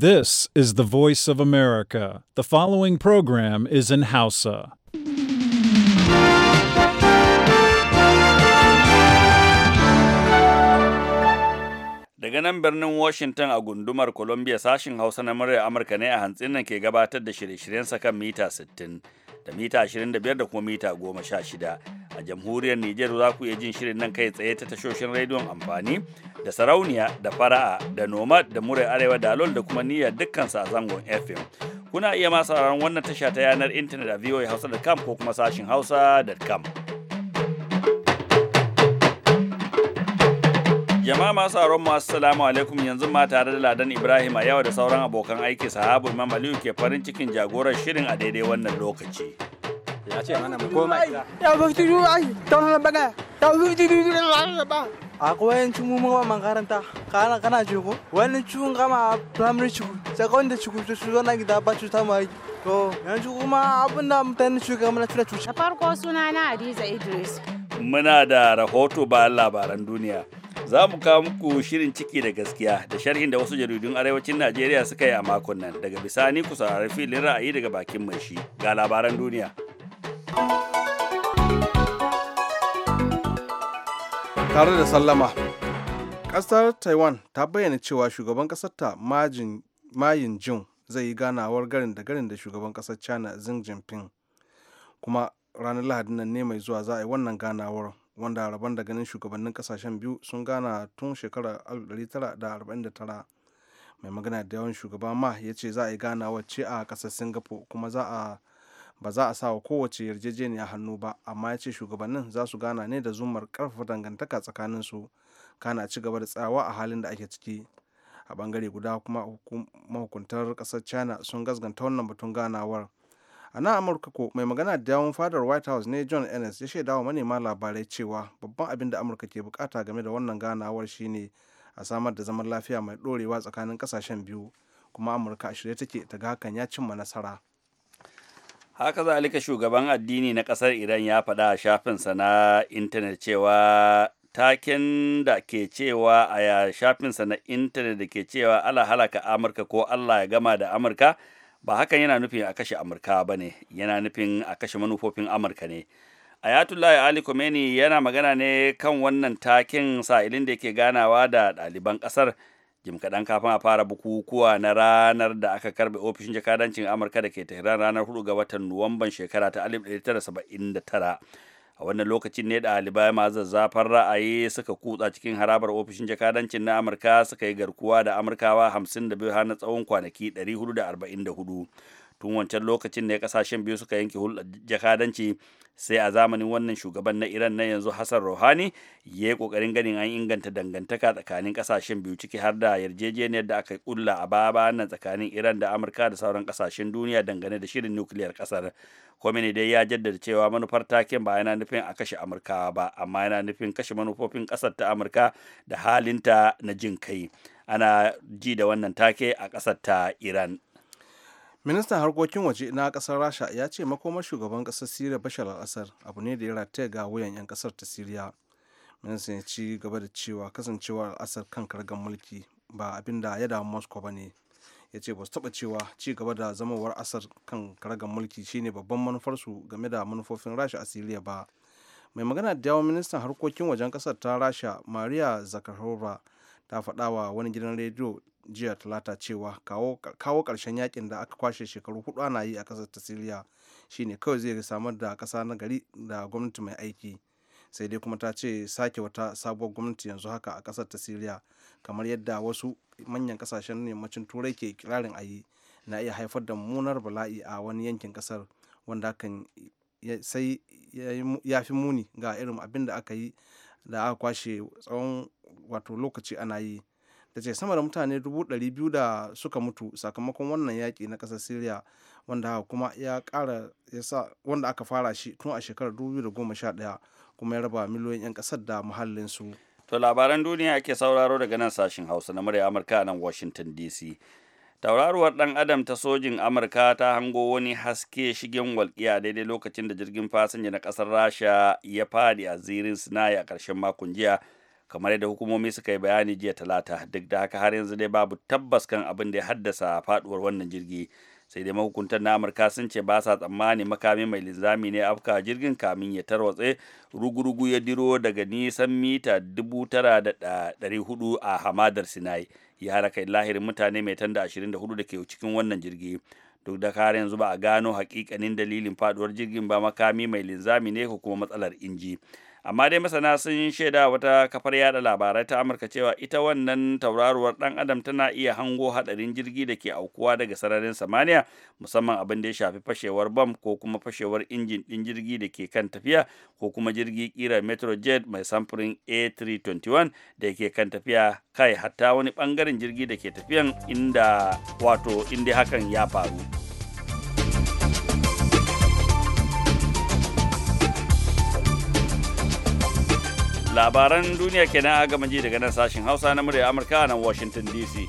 This is the voice of America. The following program is in Hausa. Daga nan birnin Washington a gundumar Columbia sashin Hausa na murya Amurka ne a hantsin nan ke gabatar da shirye-shiryensa kan mita 60. da mita 25 da kuma mita 16 a jamhuriyar Nijar za ku iya jin shirin nan kai tsaye ta tashoshin rediyon amfani da sarauniya da fara'a da nomad da murai arewa da alol da kuma niyyar dukkan a zangon FM kuna iya ma sauraron wannan tasha ta yanar intanet a voahausa.com ko kuma sashin hausa.com Jama'a masu aron masu salamu alaikum yanzu ma tare da Ladan Ibrahim a yau da sauran abokan aiki sahabu Imam Aliyu ke farin cikin jagorar shirin a daidai wannan lokaci. Ya ce mana mu koma gida. Ya ba a ai, ta wannan baga. Ta su ba. yancin makaranta, kana kana jiko. Wani cikin gama primary school, secondary school, su zo na gida ba cuta mu To, yanzu kuma abin da mutane shugaban na cire cuta. Da farko suna na Hadiza Idris. Muna da rahoto bayan labaran duniya. za mu kawo muku shirin ciki da gaskiya da sharhin da wasu jaridun arewacin Najeriya suka yi a makon nan daga bisani ku saurari filin ra'ayi daga bakin mai shi ga labaran duniya. Tare da sallama, ƙasar Taiwan ta bayyana cewa shugaban ƙasarta Mayin Jin zai yi ganawar garin da garin da shugaban ƙasar China Xi Jinping kuma ranar Lahadin nan ne mai zuwa za a yi wannan ganawar wanda rabon da ganin shugabannin kasashen biyu sun gana tun shekarar 1949 mai magana da yawan shugaba ma ya ce za a yi gana ce a kasar singapore kuma za a ba za a sa wa kowace yarjejeniya hannu ba amma ya ce shugabannin za su gana ne da zumar karfafa dangantaka tsakanin su kana ci gaba da tsawa a halin da ake ciki a bangare guda kuma mahukuntar kasar china sun gasganta wannan batun ganawar a nan amurka ko mai magana da yawon fadar white house ne john ennis ya shaida wa manema labarai cewa babban abin da amurka ke bukata game da wannan ganawar shine a samar da zaman lafiya mai dorewa tsakanin kasashen biyu kuma amurka a shirye take ta ga hakan ya cimma nasara haka zalika shugaban addini na kasar iran ya faɗa a shafin sa na intanet cewa taken da ke cewa a shafinsa na intanet da ke cewa ala halaka amurka ko allah ya gama da amurka ba hakan yana nufin a kashe amurka ba ne yana nufin a kashe manufofin amurka ne ayatullahi ali Khomeini yana magana ne kan wannan takin sa'ilin da yake ganawa da ɗaliban ƙasar jim kaɗan kafin a fara bukukuwa na ranar da aka karbe ofishin jakadancin amurka da ke tehran ranar 4 ga watan nuwamban shekara ta 1979 a wannan lokacin ne ɗalibai ma zazzafar ra'ayi suka kutsa cikin harabar ofishin jakadancin na amurka suka yi garkuwa da amurkawa 52 har na tsawon kwanaki 444 tun wancan lokacin ne kasashen biyu suka yanke hulɗar jakadanci sai a zamanin wannan shugaban na iran na yanzu hassan rohani ya yi kokarin ganin an inganta dangantaka tsakanin kasashen biyu ciki har da yarjejeniyar da aka kulla a baya nan tsakanin iran da amurka da sauran kasashen duniya dangane da shirin nukiliyar kasar ne dai ya jaddada cewa manufar taken ba yana nufin a kashe amurkawa ba amma yana nufin kashe manufofin kasar ta amurka da halinta na jin kai ana ji da wannan take a kasar ta iran ministan harkokin waje na kasar rasha ya ce makomar shugaban kasar siriya bashar al-assad abu ne da ya rataya ga wuyan 'yan kasar ta siriya ministan ya ci gaba da cewa kasancewar al-assad kan kargan mulki ba abin da ya damu moscow ba ne ya ce ba su taba cewa ci gaba da zamowar asar kan kargan mulki shine babban manufarsu game da manufofin rasha a siriya ba mai magana da yawon ministan harkokin wajen kasar ta rasha maria zakharova ta faɗawa wani gidan rediyo jiya talata cewa kawo ƙarshen yakin da aka kwashe shekaru hudu ana yi a ƙasar ta siriya shine kawai zai samar da ƙasa na gari da gwamnati mai aiki sai dai kuma ta ce sake wata sabuwar gwamnati yanzu haka a kasar ta siriya kamar yadda wasu manyan ƙasashen yammacin turai ke kirarin ayi na iya haifar da mummunar bala'i a wani yankin ƙasar wanda kan sai ya fi muni ga irin abin da aka yi da aka kwashe tsawon wato lokaci ana yi ta ce sama da mutane 200,000 da suka mutu sakamakon wannan yaƙi na ƙasar syria wanda kuma ya ƙara wanda aka fara shi tun a shekarar 2011 kuma ya raba miliyoyin 'yan ƙasar da muhallinsu to labaran duniya ake sauraro daga nan sashen hausa na murya amurka nan washington dc tauraruwar dan adam ta sojin amurka ta hango wani haske shigen walƙiya daidai lokacin da jirgin fasinja na ƙasar rasha ya fadi a zirin sinai a ƙarshen makon jiya kamar yadda hukumomi suka yi bayani jiya talata duk da haka har yanzu dai babu tabbas kan abin da ya haddasa faduwar wannan jirgi sai dai mahukuntan na amurka sun ce ba sa tsammani makami mai linzami ne afka jirgin kamin ya tarwatse rugurugu ya diro daga nisan mita 9,400 a hamadar sinai ya haraka lahirin mutane mai tanda 24 da ke cikin wannan jirgi duk da kare yanzu ba a gano hakikanin dalilin faduwar jirgin ba makami mai linzami ne ko kuma matsalar inji amma dai masana sun shaida wata kafar yada labarai ta amurka cewa ita wannan tauraruwar dan adam tana iya hango hadarin jirgi da ke aukuwa daga sararin samaniya musamman abin da ya shafi fashewar bam ko kuma fashewar injin din jirgi da ke kan tafiya ko kuma jirgi kira metrojet mai samfurin a321 da ke kan tafiya kai hatta wani bangaren jirgi da ke tafiyan inda wato inda hakan ya faru. labaran duniya kenan a gama ji daga nan sashen hausa na murya amurka nan washington dc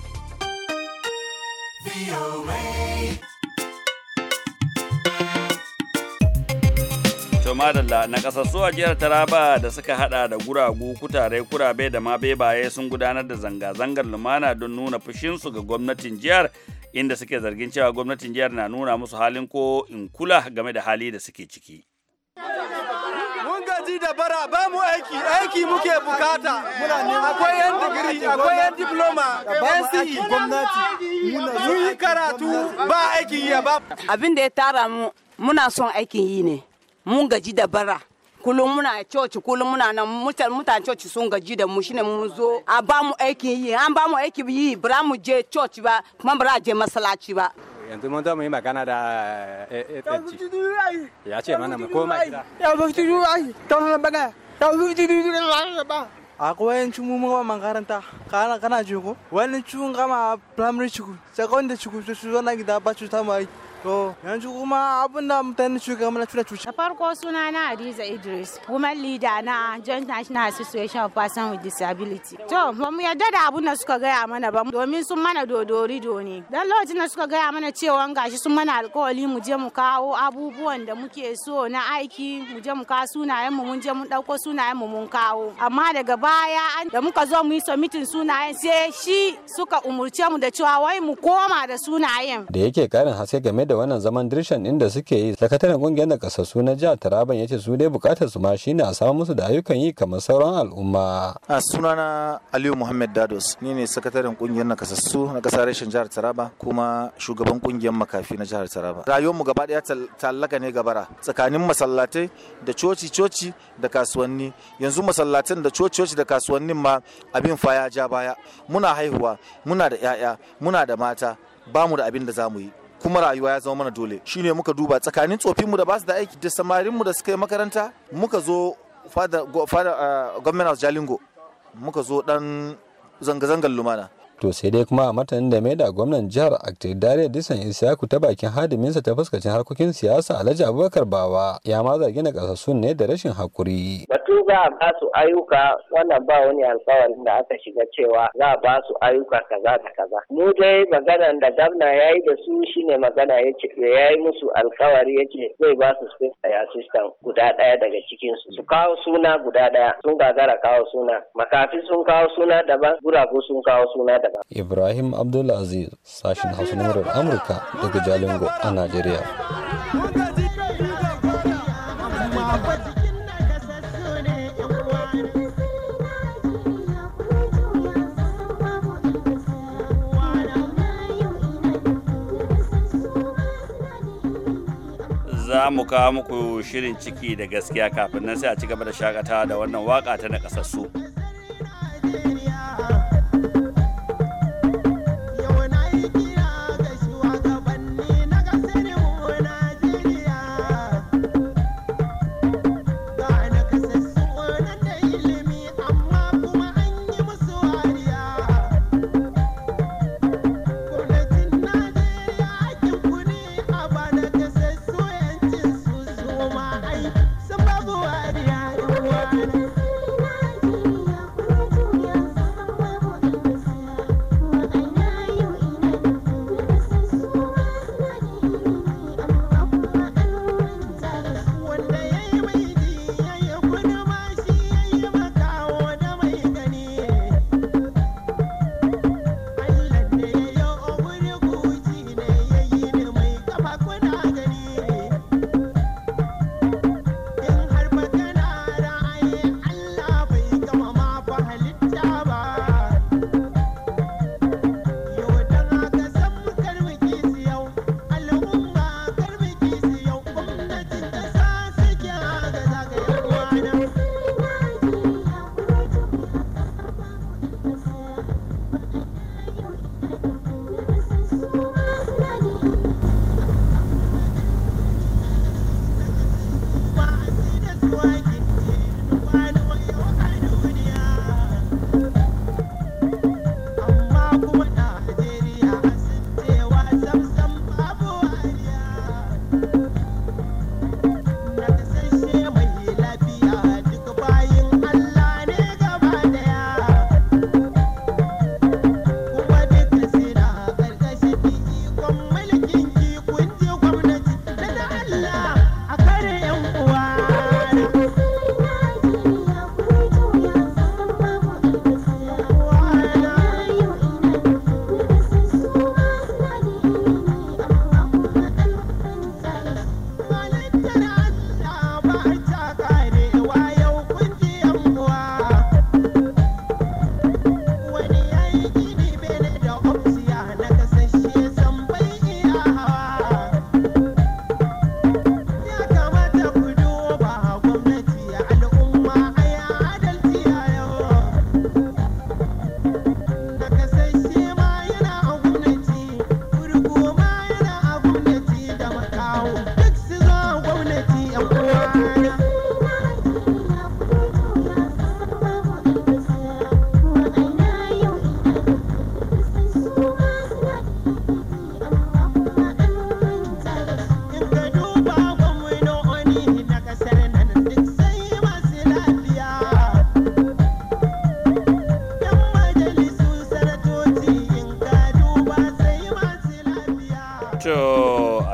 madalla na a jihar taraba da suka hada da guragu kutare kurabe da ma bebaye sun gudanar da zanga-zangar lumana don nuna fushinsu ga gwamnatin jihar inda suke zargin cewa gwamnatin jihar na nuna musu halin ko in kula game da hali da suke ciki daɗi da bara ba mu aiki aiki muke bukata akwai yan digiri akwai yan diploma yan e. gwamnati mun yi karatu ba aiki ya ba abin da ya tara mu muna son aikin yi ne mun gaji da bara kullum muna coci kullum muna nan mutan coci sun gaji da mu shine mun zo a ba mu aikin yi an ba mu aiki yi bra mu je coci ba kuma bara je masallaci ba yanzu mun zo mu yi magana da AHG ya ce mana mu koma gida ya ba ki duba ai ta wannan bana ya ba ki duba ba akwai yan cimu mawa makaranta kana kana jigo wani cikin kama primary cikin secondary cikin su zo na gida ba To yanzu kuma abin da mutane shugaban na tura cuta. Da farko suna na Hadiza Idris, woman lida na Joint National Association of Persons with Disability. To ba mu yarda da abin da suka gaya mana ba domin sun mana dodori doni. Dan lokacin da suka gaya mana cewa gashi sun mana alkawali mu je mu kawo abubuwan da muke so na aiki mu je mu kawo sunayen mu mun je mun dauko sunayen mu mun kawo. Amma daga baya da muka zo mu yi submitting sunayen sai shi suka umurce mu da cewa wai mu koma da sunayen. Da yake karin haske game da da wannan zaman dirshan inda suke yi sakataren kungiyar nakasassu kasassu na jihar taraban ya ce su dai bukatar su ma shine a samu musu da ayyukan yi kamar sauran al'umma a sunana aliyu muhammad dados ni ne sakataren kungiyar na kasassu na kasar reshen jihar taraba kuma shugaban kungiyar makafi na jihar taraba Rayuwar mu gaba daya tallaka ne gabara tsakanin masallatai da coci coci da kasuwanni yanzu masallatan da coci coci da kasuwannin ma abin fa ya ja baya muna haihuwa muna da 'ya'ya muna da mata ba mu da abin da za mu yi kuma rayuwa ya zama mana dole shine muka duba tsakanin tsofinmu da ba su da aiki da samarinmu da suka yi makaranta muka zo fada gwamnan eh, jalingo muka zo dan zanga-zangar lumana to sai dai kuma a martanin da mai da gwamnan jihar aktir dariya disan isiyaku ta bakin hadiminsa ta fuskacin harkokin siyasa alhaji abubakar bawa ya ma zargi na kasassun ne da rashin hakuri batu ga a ba su ayyuka wannan ba wani alkawarin da aka shiga cewa za a ba su ayyuka kaza da kaza mu dai maganan da gwamna ya yi da su shine magana ya ce ya yi musu alƙawari ya ce zai ba su special assistant guda ɗaya daga cikin su su kawo suna guda ɗaya sun gagara kawo suna makafi sun kawo suna daban guragu sun kawo suna Ibrahim Abdulaziz sashen Hausa na Amurka daga Jalingo a Najeriya. za mu kawo muku shirin ciki da gaskiya kafin nan sai a ci gaba da shakatawa da wannan waka ta na kasassu.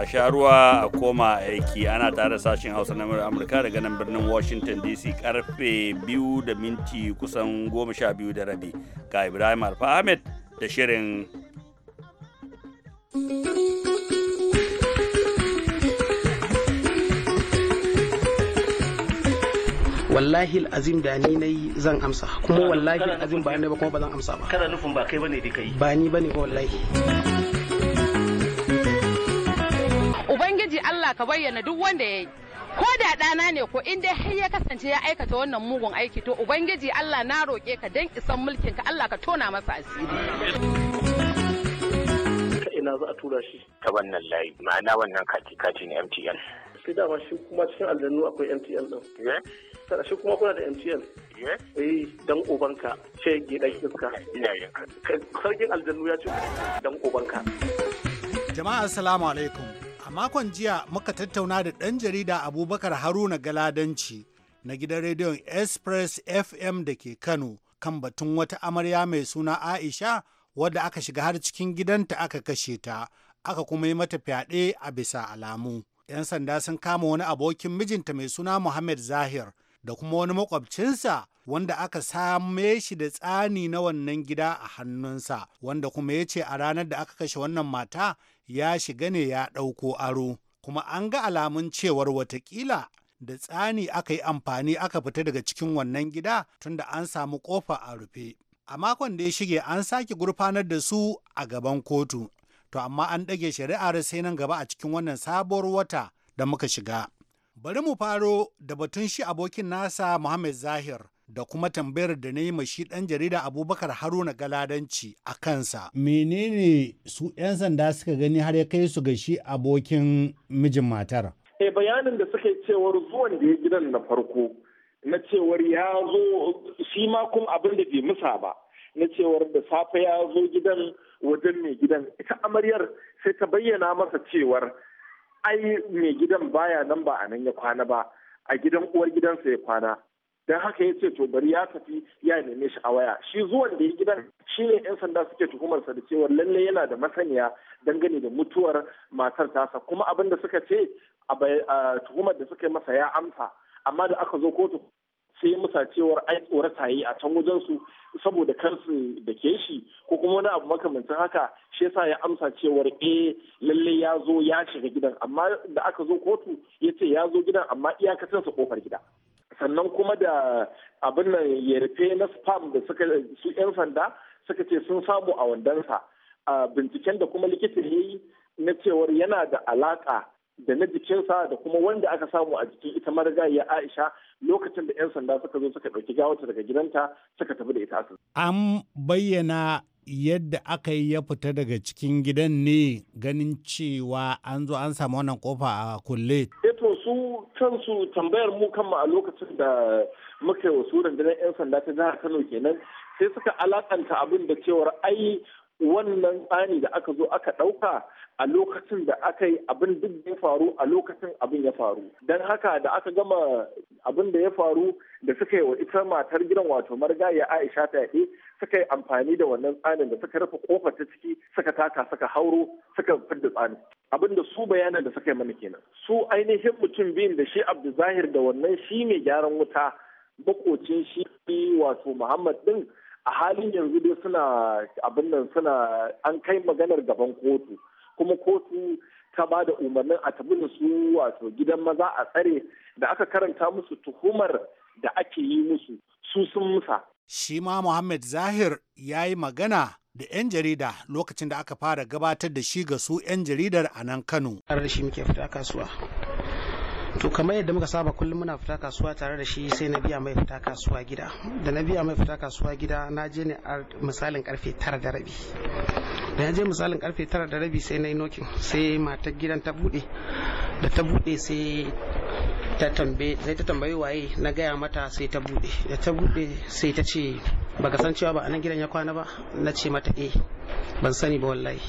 sha ruwa a koma aiki ana tare sashen hausa na amurka daga nan birnin washington dc karfe biyu da minti kusan goma sha biyu da rabi ga ibrahim alfa ahmed da shirin wallahi azim da ni nayi zan amsa kuma wallahi azim ba ni ba kuma ba zan amsa ba kana nufin ba kai ne da kai ba ni bane wallahi ubangiji allah ka bayyana duk wanda ya yi ko da ɗana ne ko in dai har ya kasance ya aikata wannan mugun aiki to ubangiji allah na roƙe ka dan isan mulkin ka allah ka tona masa asiri ina za a tura shi ta wannan layi ma'ana wannan kati kati ne mtn sai dama shi kuma cikin aljannu akwai mtn din sana shi kuma kuna da mtn eh dan ubanka ce gidan iska sarkin aljannu ya ce dan ubanka jama'a assalamu alaikum a makon jiya muka tattauna da ɗan jarida Abubakar Haruna Galadanci na gidan rediyon Express FM da ke Kano kan batun wata amarya mai suna Aisha wadda aka shiga har cikin gidanta aka kashe ta, aka kuma yi mata fyaɗe a bisa alamu. 'Yan sanda sun kama wani abokin mijinta mai suna Muhammad Zahir da kuma wani makwabcinsa wanda aka same shi da tsani na wannan gida a hannunsa, wanda kuma ya ce a ranar da aka kashe wannan mata ya shiga ne ya ɗauko aro kuma an ga alamun cewar watakila da tsani aka yi amfani aka fita daga cikin wannan gida tunda an samu ƙofa a rufe a makon da ya shige an sake gurfanar da su a gaban kotu to amma an ɗage shari'ar sai nan gaba a cikin wannan sabuwar wata da muka shiga bari mu faro da batun shi abokin nasa muhammad zahir da kuma tambayar da na yi ma shi ɗan jarida abubakar haruna galadanci a kansa. menene su 'yan sanda suka gani har ya kai su ga shi abokin mijin matar. e bayanin da suka cewar zuwan da ya gidan na farko na cewar ya zo shi ma kuma abin da bai musa ba na cewar da safe ya zo gidan wajen mai gidan ita amaryar sai ta bayyana masa cewar ai mai gidan baya nan ba a nan ya kwana ba a gidan uwar gidansa ya kwana don haka ya ce to bari ya tafi ya neme shi a waya shi zuwan da ya gidan shi ne yan sanda suke tuhumarsa da cewa lalle yana da masaniya dangane da mutuwar matar tasa kuma abin da suka ce a tuhumar da suka yi masa ya amsa amma da aka zo kotu sai musa cewar ai tsorata yi a can wajen su saboda kansu da ke shi ko kuma wani abu makamancin haka shi yasa ya amsa cewar eh lalle ya zo ya shiga gidan amma da aka zo kotu ya ce ya zo gidan amma iyakacinsa kofar gida. sannan kuma da abin nan yarfe na spam da suka su 'yan sanda suka ce sun samu a wandansa binciken da kuma likita ya yi na cewar yana da alaka da na jikinsa da kuma wanda aka samu a jikin ita marigayiya Aisha lokacin da 'yan sanda suka zo suka ɗauki gawata daga gidanta suka tafi da ita asibiti. An bayyana yadda aka yi ya fita daga cikin gidan ne ganin cewa an zo an samu wannan kofa a kulle. Eto eh su kansu tambayar mu kanmu a lokacin da muka yi wasu rundunar 'yan sanda ta jihar Kano kenan sai suka alakanta abin da cewar ai wannan tsani da aka zo aka ɗauka a lokacin da aka yi abin duk ya faru a lokacin abin ya faru don haka da aka gama abin da ya faru da suka yi wa ita matar gidan wato ya aisha ta fyaɗe suka yi amfani da wannan tsanin da suka rufe kofar ta ciki suka taka suka hauro suka fidda tsanin abin da su bayanan da suka yi mana kenan su ainihin mutum biyun da shi zahir da wannan shi mai gyaran wuta bakocin shi wato muhammad din a halin yanzu dai suna abin nan suna an kai maganar gaban kotu kuma kotu ta ba da umarnin a tabi da su wato gidan maza a tsare da aka karanta musu tuhumar da ake yi musu su sun musa. Shi ma Muhammad Zahir ya yi magana da 'yan jarida lokacin da aka fara gabatar da shi ga su 'yan jaridar a nan Kano. Tare da To kamar yadda muka saba kullum muna fita kasuwa tare da shi sai na biya mai fita kasuwa gida. Da na biya mai fita kasuwa gida na je ne misalin karfe tara da rabi. da ya je misalin karfe tara da rabi sai na yi nokin sai matar gidan ta bude da ta bude sai ta tambaye tambayi waye na gaya mata sai ta bude da ta bude sai ta ce baka san cewa ba anan gidan ya kwana ba na ce mata eh ban sani ba wallahi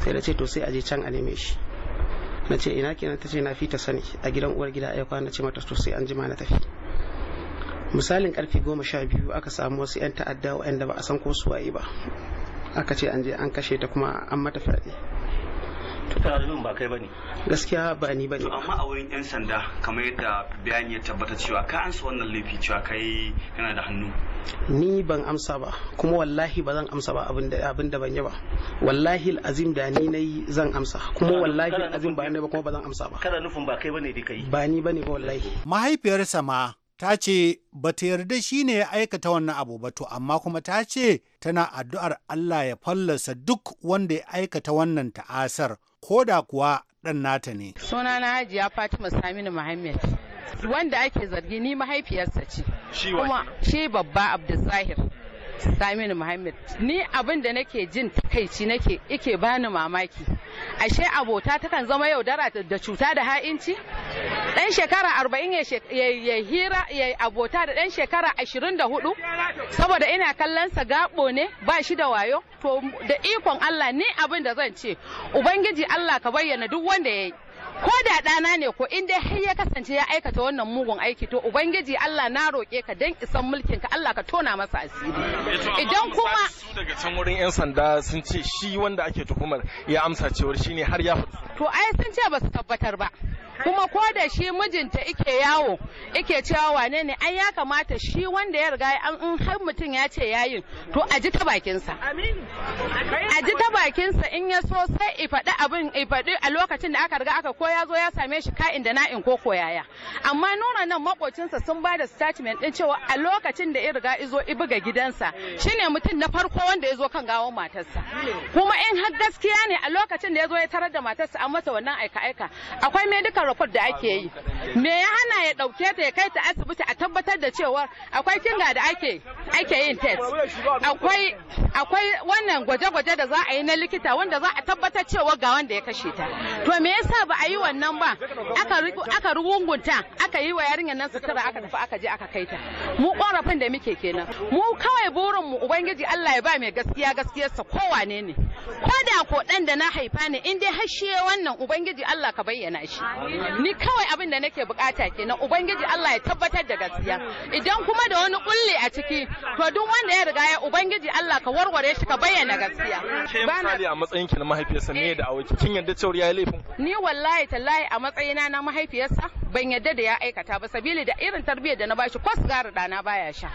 sai da ce to sai je can a neme shi na ce ina kenan ta ce na fi ta sani a gidan uwar gida ya kwana ce mata to sai an jima na tafi misalin karfe goma sha biyu aka samu wasu 'yan ta'adda da ba a san ko su waye ba aka ce an je an kashe ta kuma an mata fyaɗe tana da ba kai bane gaskiya ba ni bane amma a wurin yan sanda kamar yadda bayani ya tabbata cewa ka ansa wannan laifi cewa kai kana da hannu ni ban amsa ba kuma wallahi ba zan amsa ba abin da ban yi ba wallahi azim da ni nayi zan amsa kuma wallahi azim ba ni ba kuma ba zan amsa ba Kada nufin ba kai bane dai kai ba ni bane ba wallahi mahaifiyarsa ma ta ce ba ta yarda shi ne ya aikata wannan abu ba to amma kuma ta ce tana addu'ar Allah ya fallasa duk wanda ya aikata wannan ta'asar ko da kuwa ɗan nata ne. Suna na Hajiya Fatima Saminu Muhammad. Wanda ake zargi ni mahaifiyarsa ce. Shi Kuma shi babba Abdulzahir Saminu Muhammad. Ni abin da nake jin takaici nake ike bani mamaki. ashe abota takan zama yaudara da cuta da ha'inci dan shekara arba'in ya hira ya abota da dan shekara ashirin da hudu saboda ina kallon sa gabo ne ba shi da wayo to da ikon allah ni abin da zan ce ubangiji allah ka bayyana duk wanda yayi. ko da ɗana ne ko in dai har ya kasance ya aikata wannan mugun aiki to ubangiji Allah na roƙe ka dan isan mulkin ka Allah ka tona masa asiri idan kuma su daga can wurin yan sanda sun ce shi wanda ake tuhumar ya amsa cewar shine har ya to ai sun ce ba su tabbatar ba kuma ko da shi mijinta ike yawo ike cewa wane ne ai ya kamata shi wanda ya riga an in har mutum ya ce yayi to a ji ta bakinsa a ji ta bakinsa in ya so sai i faɗi abin i faɗi a lokacin da aka riga aka ya zo ya same shi ka'in da na'in ko ko yaya amma nuna nan makocinsa sun ba da statement din cewa a lokacin da ya riga izo buga gidansa shine mutum na farko wanda ya zo kan gawon matarsa kuma in har gaskiya ne a lokacin da ya zo ya tarar da matarsa an masa wannan aika aika akwai medical report da ake yi me ya hana ya dauke ta ya kai ta asibiti a tabbatar da cewa akwai kinga da ake ake yin test akwai akwai wannan gwaje-gwaje da za a yi na likita wanda za a tabbatar cewa ga wanda ya kashe ta to me yasa ba a yi wannan ba aka rungunta aka yi wa yarinyar nan sutura aka tafi aka je aka kai ta mu korafin da muke kenan mu kawai burin mu ubangiji Allah ya ba mai gaskiya gaskiyar sa kowane ne ko da ko dan da na haifa ne in dai hashe wannan ubangiji Allah ka bayyana shi ni kawai abin da nake bukata kenan ubangiji Allah ya tabbatar da gaskiya idan kuma da wani kulle a ciki to duk wanda ya riga ya ubangiji Allah ka warware shi ka bayyana gaskiya ba misali a matsayin ki na mahaifiyarsa ne da awaki kin yarda cewa yayi laifin ni wallahi tallahi a matsayina na mahaifiyarsa ban yadda da ya aikata ba sabili da irin tarbiyyar da na bashi ko sigari ɗana baya sha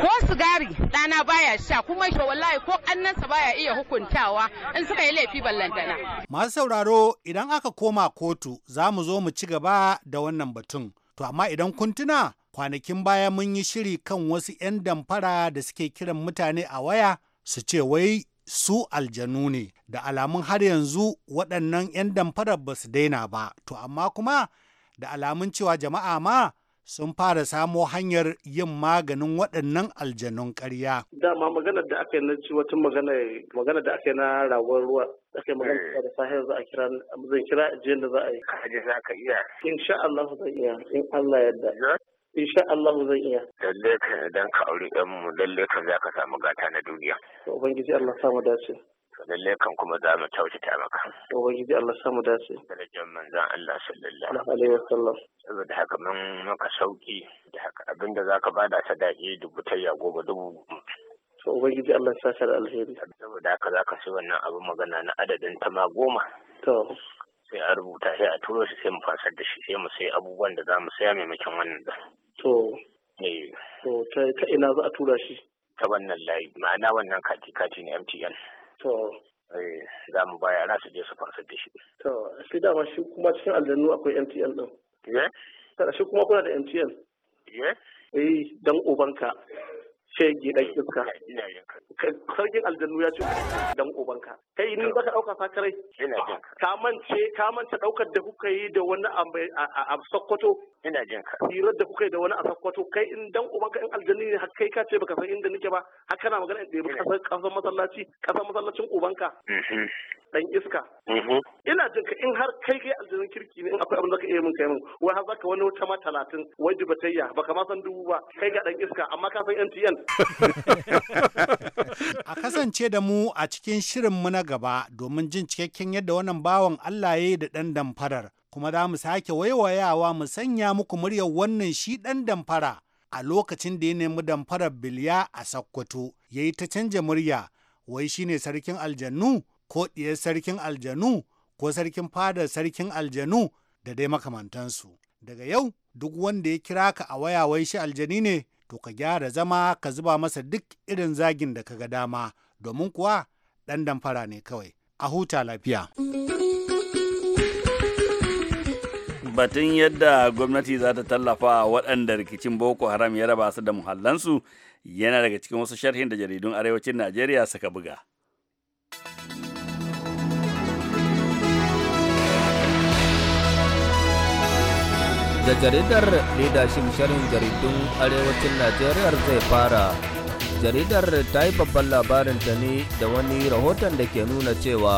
ko sigari ɗana baya sha kuma shi wallahi ko annansa baya iya hukuntawa in suka yi laifi ballantana. Masu sauraro idan aka koma kotu za mu zo mu ci gaba da wannan batun. To amma idan kun tuna kwanakin baya mun yi shiri kan wasu 'yan damfara da suke kiran mutane a waya su ce wai su aljanu ne da alamun har yanzu waɗannan 'yan damfarar ba su daina ba to amma kuma da alamun cewa jama'a ma sun fara samo hanyar yin maganin waɗannan aljanun ƙarya. Dama maganar da aka yi na ci wata magana da aka yi na rawar ruwa aka yi magana eh. da sahiyar za a kira zan kira ajiyar da za a yi. Kaje za ka iya. In sha Allah zai iya in Allah yadda. insha Allah zai iya lalle dan ka aure ɗan mu lalle kan za ka samu gata na duniya ubangiji Allah sa mu dace lalle kan kuma za mu ta maka ubangiji Allah sa mu dace darajar manzon Allah sallallahu alaihi sallam. saboda haka mun maka sauki da haka abinda zaka bada sadaki dubu tayya goma dubu to ubangiji Allah ya da alheri saboda haka ka sai wannan abu magana na adadin ta ma goma to sai a rubuta sai a turo shi sai mu fasar da shi sai mu sai abubuwan da za mu saya maimakon wannan da To, eh. to ta ina za a tura shi? Ta wannan layi, ma'ana wannan kati kati na MTN. To, eh, za mu baya na su je su fansar da shi. To, shi dama shi kuma cikin aljannu akwai MTN ɗin. Ye? Eh? Kada shi kuma kuna da MTN. Ye? Eh, dan ubanka. shege dan iska sarkin aljannu ya ce dan ubanka kai ni baka dauka fakarai ka mance ka mance daukar da kuka yi da wani a Sokoto ina jinka ka da kuka yi da wani a Sokoto kai in dan ubanka in aljannu ne har kai ka ce baka san inda nake ba har kana magana da yabi kasan kasar masallaci kasan masallacin ubanka mm-hmm. dan iska mm-hmm. ina jinka ka in har kai kai aljannu kirki ne in akwai abin da ka iya mun kai mun. wai har zaka wani wata ma talatin wai dubatayya baka ma san dubu ba kai ga dan iska amma ka san ntn A kasance da mu a cikin shirinmu na gaba domin jin cikakken yadda wannan bawan Allah ya yi da ɗan damfarar, kuma za mu sake waiwayawa mu sanya muku muryar wannan shi ɗan damfara a lokacin da ya nemi damfarar bilya a Sakkwato, ya yi ta canja murya, wai shi ne sarkin aljanu ko ɗiyar sarkin aljanu ko sarkin fadar sarkin aljanu da dai makamantansu. Daga yau, duk wanda ya kira ka a waya wai shi aljani ne to ka gyara zama ka zuba masa duk irin zagin da ka ga dama domin kuwa ɗan damfara ne kawai a huta lafiya. batun yadda gwamnati za ta tallafa waɗanda rikicin boko haram ya raba su da muhallansu yana daga cikin wasu sharhin da jaridun arewacin najeriya suka buga. da jaridar leadership shirin jaridun arewacin najeriya zai fara jaridar ta yi babban labarin ta ne da wani rahoton da ke nuna cewa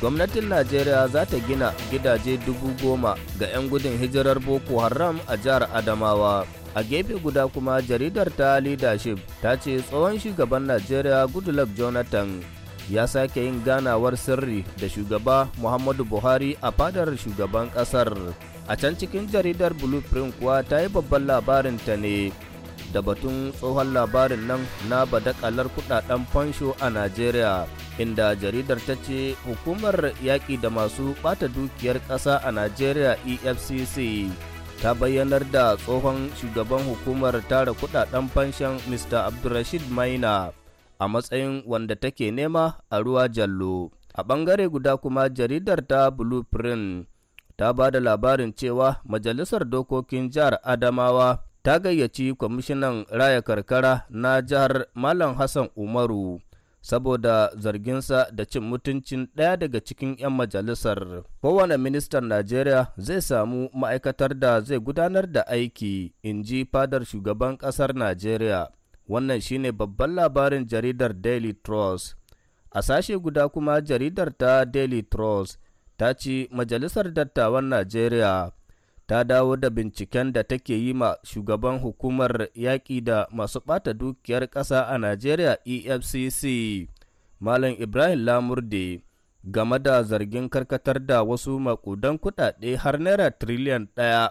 gwamnatin najeriya za ta gina gidaje dubu goma ga 'yan gudun hijirar boko haram a jihar adamawa a gefe guda kuma jaridar ta leadership ta ce tsohon shugaban najeriya goodluck jonathan ya sake yin ganawar sirri da shugaba muhammadu buhari a fadar shugaban kasar a can cikin jaridar blueprint kuwa ta yi babban labarin ta ne da batun tsohon labarin nan na badakalar kudaden fansho a najeriya inda jaridar ta ce hukumar yaƙi da masu ɓata dukiyar ƙasa a najeriya efcc ta bayyanar da tsohon shugaban hukumar tara kudaden fanshon mr abdulrashid maina a matsayin wanda take nema a ruwa jallo a ɓangare guda kuma jaridar ta blueprint ta ba da labarin cewa Majalisar Dokokin Jihar Adamawa ta gayyaci kwamishinan raya karkara na jihar Malam Hassan Umaru saboda zarginsa da cin mutuncin ɗaya daga cikin 'yan majalisar. Kowane ministan Najeriya zai samu ma'aikatar da zai gudanar da aiki, in ji fadar shugaban ƙasar Najeriya. Wannan shine babban labarin jaridar Daily Trust. A sashe guda kuma jaridar ta Daily Trust ta ce Majalisar Dattawan Najeriya ta dawo da binciken da take yi ma shugaban hukumar yaƙi da masu ɓata dukiyar ƙasa a Najeriya EFCC, Malam Ibrahim Lamurde, game da zargin karkatar da wasu makudan kuɗaɗe har naira triliyan ɗaya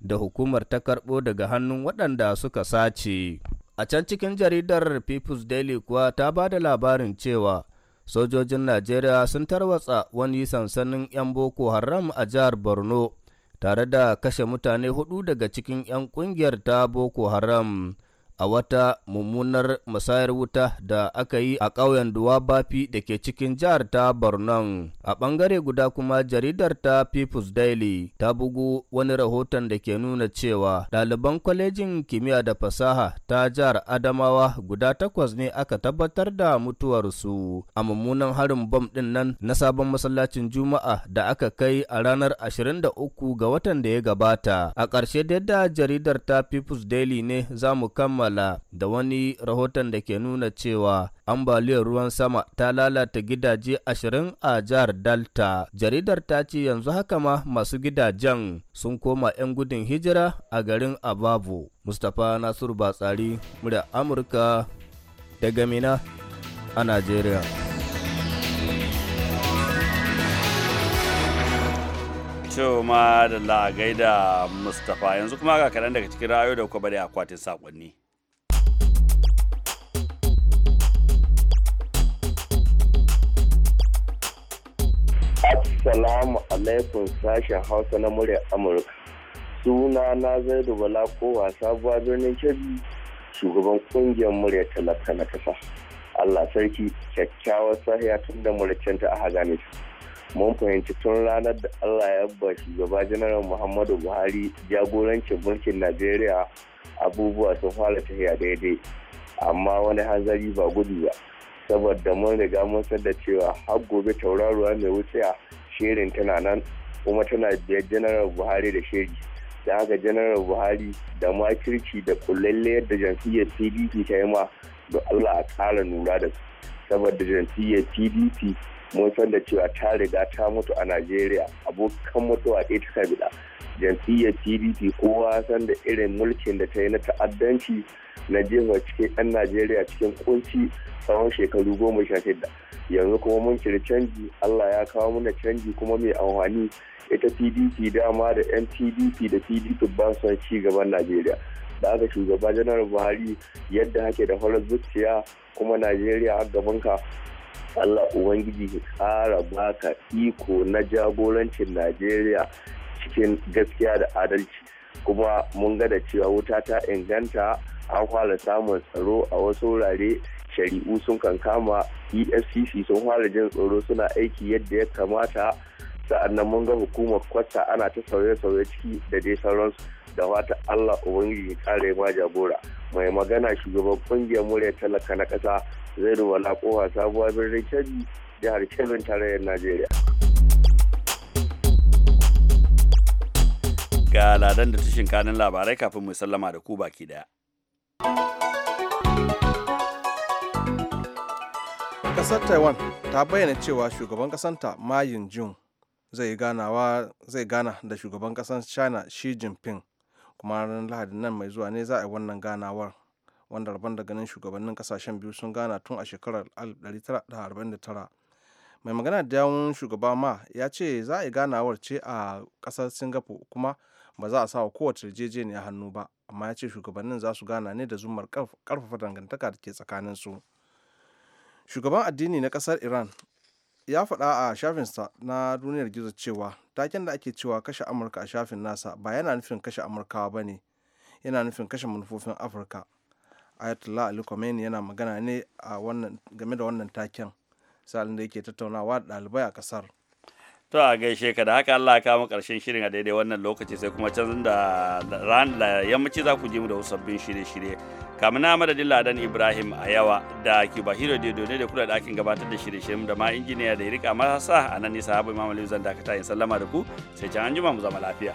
da hukumar ta karɓo daga hannun waɗanda suka sace. A can cikin jaridar People's Daily kuwa ta ba da labarin cewa sojojin Najeriya sun tarwatsa wani sansanin 'yan Boko Haram a jihar Borno tare da kashe mutane hudu daga cikin 'yan kungiyar ta Boko Haram. a wata mummunar musayar wuta da aka yi a ƙauyen Duwabafi da ke cikin jihar ta Borno. A ɓangare guda kuma jaridar ta People's Daily ta bugu wani rahoton da ke nuna cewa ɗaliban kwalejin kimiyya da fasaha ta jihar Adamawa guda takwas ne aka tabbatar da mutuwarsu a mummunan harin bom ɗin nan na sabon masallacin Juma'a da aka kai a ranar 23 ga watan da ya gabata. A ƙarshe da jaridar ta People's Daily ne za mu kammala kammala da wani rahoton da ke nuna cewa ambaliyar ruwan sama ta lalata gidaje ashirin a jihar Delta. Jaridar ta ce yanzu haka ma masu gidajen sun koma 'yan gudun hijira a garin Ababu. Mustapha Nasiru Batsari, murya Amurka daga Mina a Najeriya. Cewa ma da la gaida mustapha yanzu kuma ga kaɗan daga cikin ra'ayoyi da kuma bari akwatin saƙonni. Assalamu alaikum sashen Hausa na murya Amurka. Suna na Zaidu Bala Kowa sabuwa birnin kebi shugaban kungiyar murya talaka na kasa. Allah sarki kyakkyawar sahiya tun da ta a Hagamis. Mun fahimci tun ranar da Allah ya ba shugaba Janaral Muhammadu Buhari jagorancin mulkin Najeriya abubuwa sun fara tafiya daidai amma wani hanzari ba gudu ba. saboda mun riga mun san da cewa har gobe tauraruwa mai wuciya shirin tana nan kuma tana biyar janaral buhari da shiri da haka janaral buhari da makirci da kullalle yadda jam'iyyar pdp ta yi ma da allah a kara nura da su saboda jam'iyyar pdp mun san da cewa ta riga ta mutu a najeriya abokan mutuwa ɗaya ta kabila jam'iyyar pdp kowa wasan da irin mulkin da ta yi na ta'addanci na jefa cikin 'yan najeriya cikin kunci tsawon shekaru goma sha shida yanzu kuma mun kiri canji allah ya kawo mana canji kuma mai amfani ita pdp dama da 'yan pdp da pdp ba su ci gaban najeriya da aka shugaba janar buhari yadda hake da farar zuciya kuma najeriya a ka allah ubangiji ya kara baka iko na jagorancin najeriya cikin gaskiya da adalci kuma mun ga da cewa wuta ta inganta an fara samun tsaro a wasu wurare shari'u sun kankama efcc sun fara jin tsoro suna aiki yadda ya kamata nan mun ga hukumar kwata ana ta sauye-sauye ciki da dai sauransu da wata allah ubangiji ya kare ma jagora mai magana shugaban kungiyar murya talaka na kasa zai wala kowa sabuwar birnin kebbi jihar kebbi tarayyar najeriya ga ladan da tushen kanin labarai kafin mu sallama da ku baki daya. Kasar Taiwan ta bayyana cewa shugaban kasanta Ma yin jun zai ganawa zai gana da shugaban kasar China Xi Jinping kuma ranar Lahadin nan mai zuwa ne za a yi wannan ganawar wanda rabon da ganin shugabannin kasashen biyu sun gana tun a shekarar 1949 mai magana da yawun shugaba ma ya ce za a yi ganawar ce a kasar singapore kuma ba za a sa wa kowace yarjejeniya hannu ba amma ya ce shugabannin za su gana ne da zumar karfafa dangantaka da ke tsakanin su shugaban addini na kasar iran ya faɗa a shafinsa na duniyar gizo cewa taken da ake cewa kashe amurka a shafin nasa ba yana nufin kashe amurkawa ba ne yana nufin kashe manufofin afirka ayatollah ali khomeini yana magana ne game da wannan taken salin da yake tattaunawa da ɗalibai a ƙasar to a gaishe ka da haka Allah ya kawo karshen shirin a daidai wannan lokaci sai kuma can da ran da yammaci za ku ji mu da wasu sabbin shirye-shirye kamin na madadin ladan Ibrahim a yawa da Kiba Hiro Dedo ne da kula da akin gabatar da shirye-shiryen da ma injiniya da ya rika masa a nan nisa Abu Imam Aliyu zan dakata in sallama da ku sai can an mu zama lafiya.